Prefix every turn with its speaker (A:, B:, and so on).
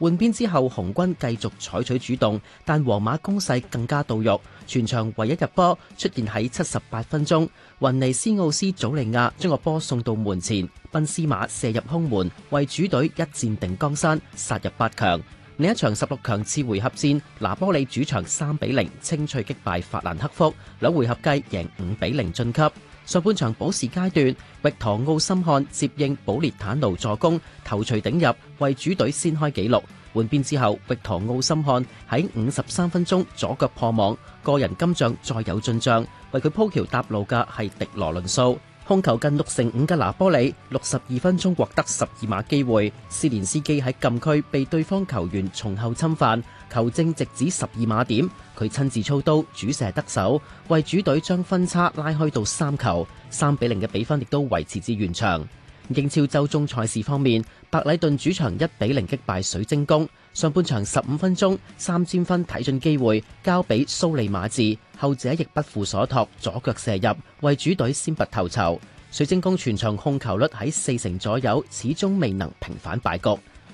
A: 換邊之後，紅軍繼續採取主動，但皇馬攻勢更加到肉。全場唯一入波出現喺七十八分鐘，雲尼斯奧斯祖利亞將個波送到門前，賓斯馬射入空門，為主隊一戰定江山，殺入八強。另一場十六強次回合戰，拿玻里主場三比零清脆擊敗法蘭克福，兩回合計贏五比零晉級。上半場補時階段，域唐奧森漢接應保列坦奴助攻，頭錘頂入，為主隊先開紀錄。換邊之後，域唐奧森漢喺五十三分鐘左腳破網，個人金像再有進賬。為佢鋪橋搭路嘅係迪羅倫素，控球近六成五嘅拿玻里，六十二分鐘獲得十二碼機會。斯連斯基喺禁區被對方球員從後侵犯，球證直指十二碼點，佢親自操刀主射得手，為主隊將分差拉開到三球。三比零嘅比分亦都維持至完場。英超周中賽事方面，白禮頓主場一比零擊敗水晶宮。上半場十五分鐘，三千分睇準機會交俾蘇利馬治，後者亦不負所託，左腳射入，為主隊先拔頭籌。水晶宮全場控球率喺四成左右，始終未能平反敗局。